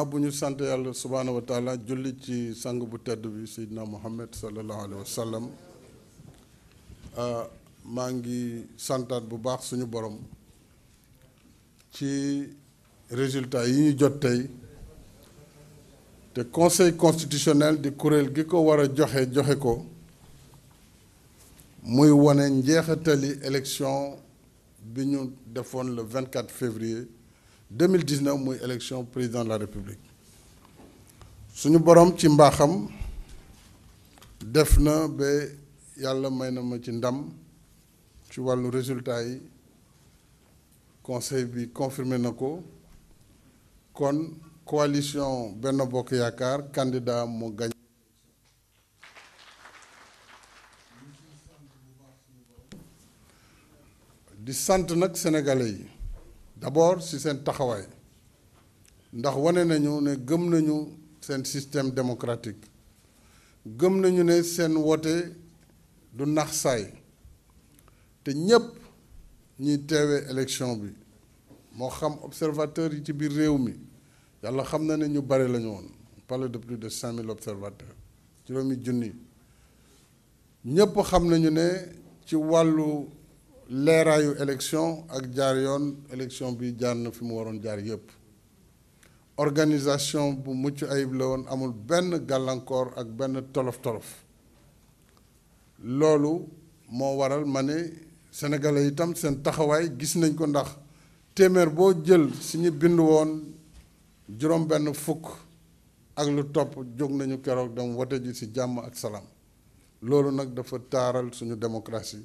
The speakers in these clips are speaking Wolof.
ginnaaw bu ñu sant yàlla subhaanahu wa taala julli ci sang bu tedd bi seydina muhammad sallallahu alayhi wa sallam maa ngi santaat bu baax suñu borom ci résultat yi ñu jot tey te conseil constitutionnel de kuréel gi Wara war a joxe joxe ko muy wane njeexatali élection bi ñu defoon le 24 février 2019 muy élection président de la république suñu borom ci mbaxam def na ba yàlla may na ma ci ndam ci walu résultat yi conseil bi confirmé nako kon coalition Benno Bokk Yaakaar candidat mo gagné di sant nak sénégalais yi d'abord ci sen taxaway ndax wane nañu ne gëm nañu sen système démocratique gëm nañu ne sen woote du nax saay te ñépp ñiy teewee élection bi mo xam observateur yi ci biir réew mi yàlla xam na ne ñu bari lañu woon parle de plus de cinq mille observateurs juróomi junni ñëpp xam nañu ne ci wàllu leeraayu élection ak jaar yoon élection bi jaar na fi mu waroon jaar yépp organisation bu mucc ayib la woon amul benn gàllankoor ak benn tolof-tolof loolu moo waral ma ne sénégalais itam seen taxawaay gis nañ ko ndax téeméer boo jël si ñu bind woon juróom benn fukk ak lu topp jóg nañu keroog dem wote ji ci jàmm ak salaam loolu nag dafa taaral suñu démocratie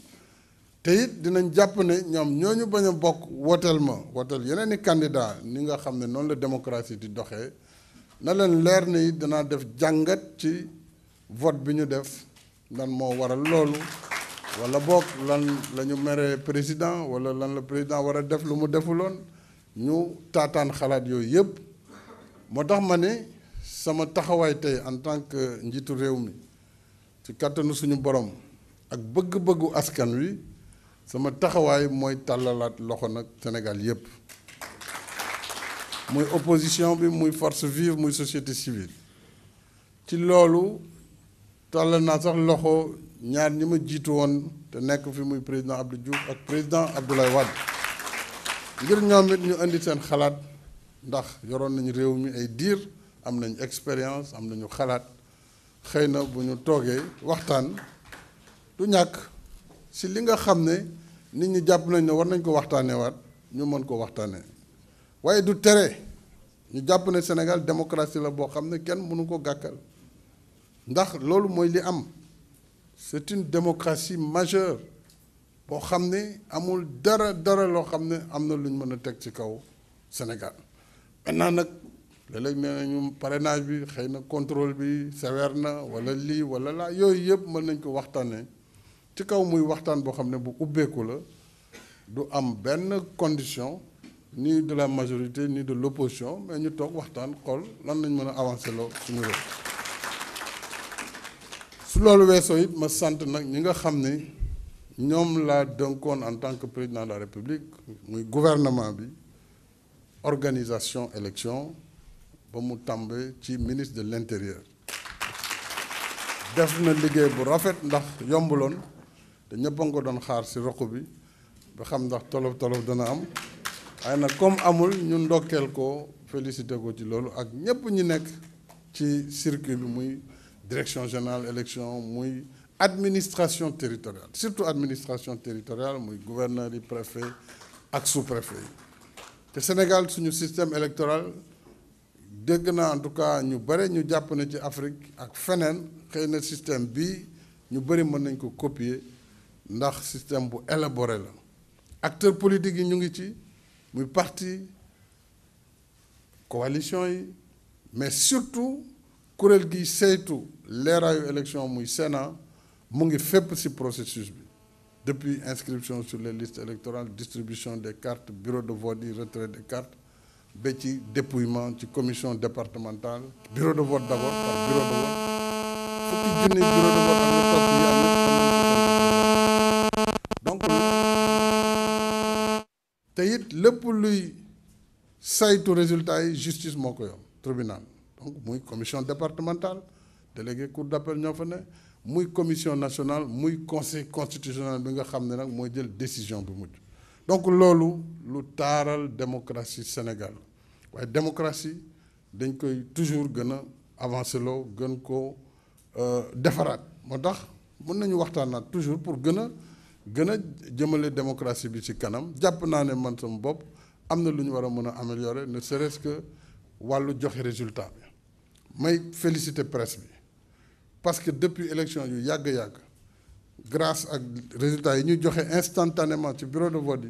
te dinañ jàpp ne ñoom ñooñu bañ a bokk wooteel ma wooteel yeneen i candidat ni nga xam ne noonu la démocratie di doxee na leen leer na it danaa def jàngat ci vote bi ñu def lan moo waral loolu wala bokk lan lañu mere président wala lan la président war a def lu mu defuloon ñu taataan xalaat yooyu yëpp moo tax ma ne sama taxawaay tey en tant que njiitu réew mi ci kàttanu suñu borom ak bëgg-bëggu askan wi sama taxaway moy talalat loxo nag Sénégal yépp muy opposition bi moy force vive moy société civile ci loolu talana sax loxo ñaar ñima ma won te nek fi moy président Abdou Diouf ak président Abdoulaye wad ngir ñoom it ñu andi sen xalaat ndax yoron nañ réew mi ay dir am nañ experience am nañu xalaat xeyna na bu ñu toogee waxtaan du ñak ci li nga xam nit ñi jàpp nañ ne war nañ ko waxtaanee waat ñu mën ko waxtaanee waaye du tere ñu jàpp ne Sénégal démocratie la boo xam ne kenn mënu ko gàkkal ndax loolu mooy li am c'est une démocratie majeure boo xam ne amul dara dara loo xam ne am na lu mën a teg ci kaw Sénégal maintenant nag léeg-léeg nee nañu parrainage bi xëy na contrôle bi sévère na wala lii wala laa yooyu yëpp mën nañ ko waxtaanee ci kaw muy waxtaan boo xam ne bu ubbeeku la du am benn condition ni de la majorité ni de l'opposition mais ñu toog waxtaan xool lan lañ mën a avancer loo suñu réew su loolu weesoo it ma sant nag ñi nga xam ne ñoom laa dënkoon en tant que président de la république muy gouvernement bi organisation élection ba mu tàmbee ci ministre de l'intérieur def na liggéey bu rafet ndax yombuloon nous avons nga comme amul nous félicité circuit direction générale élection administration territoriale surtout administration territoriale muy gouverneur préfet ak sous-préfet Le Sénégal, Sénégal suñu système électoral en tout cas nous avons ñu Afrique système ndax système élaboré acteurs politiques yi ñu ngi ci coalition mais surtout les gi saytu leeraayu élection muy Sénat mu ngi fépp processus depuis inscription sur les listes électorales distribution des cartes bureau de vote retrait des cartes le dépouillement ci commission départementale bureau de vote d'abord bureau de vote fukki le bureau de vote am Tayit lepp luy saytu résultat yi justice moo ko tribunal donc muy commission départementale délégué cour d'appel ñoo fa ne muy commission nationale muy conseil constitutionnel bi nga xam ne nag mooy jël décision bu mujj donc loolu lu taaral démocratie Sénégal waaye démocratie dañ koy toujours gën a avancer loo gën ko euh, defaraat moo tax mën nañu waxtaanaat toujours pour gën gëna a jëmale démocratie bi ci kanam ne man sama ce que résultat may presse parce que depuis l'élection, yu grâce ak résultat yi instantanément ci bureau de vote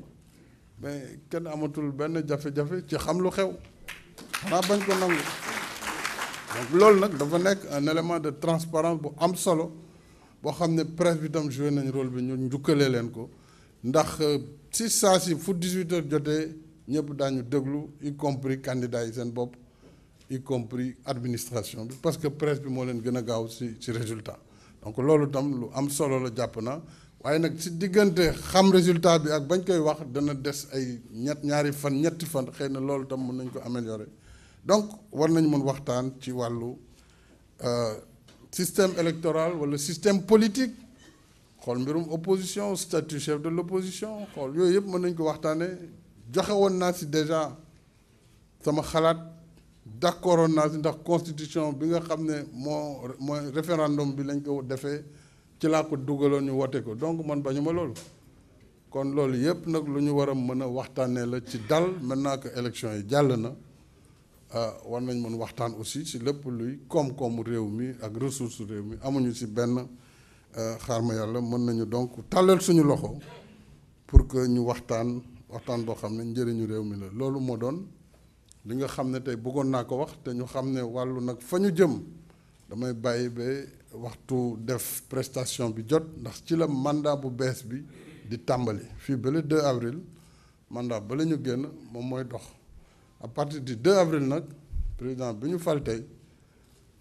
mais kenn amatul benn jafe-jafe ci xam lu un élément de transparence bu am boo xamne presse bi tam joué nañ rôle bi ñu njukkalee len ko ndax ci euh, saa si fu 18 h jotee ñëpp dañu déglu y compris candidats yi seen bopp y compris administration bi parce que presse bi mo leen gëna a gaaw si si résultat donc lolu tam lu am solo la japp na waaye nak ci diggante xam résultat bi ak bañ koy wax dana dess ay ñet ñaari fan ñet fan xeyna lolu tam mën nañ ko améliorer donc war nañ mën waxtaan ci walu euh système électoral le système politique l'opposition, le opposition statut chef de l'opposition xool nañ ko si déjà sama d'accord on la constitution bi nga mon référendum bi lañ ko ci la ko ñu woté ko donc man bañuma lool kon lool nak lu ñu la ci dal maintenant que élection yi Euh, war nañ mën waxtaan aussi si lépp luy koom-koomu réew mi ak ressource réew mi amuñu si benn euh, xaar ma yàlla mën nañu donc tàllal suñu loxo pour que ñu waxtaan waxtaan boo xam ne njëriñu réew mi la loolu moo doon li nga xam ne tey bëggoon naa ko wax te ñu xam ne wàllu nag fa ñu jëm damay bàyyi ba waxtu def prestation bi jot ndax ci la mandat bu bees bi di tàmbali fii ba le 2 avril mandat ba ñu génn moom mooy dox à partir du 2 avril nak président bi ñu fal tey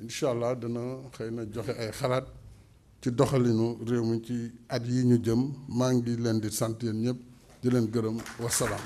incha dana xeyna joxe ay xalaat ci doxalinu réew mi ci at yi ñu jëm ma ngi leen di sant yeen ñëpp di leen gërëm wasalaam.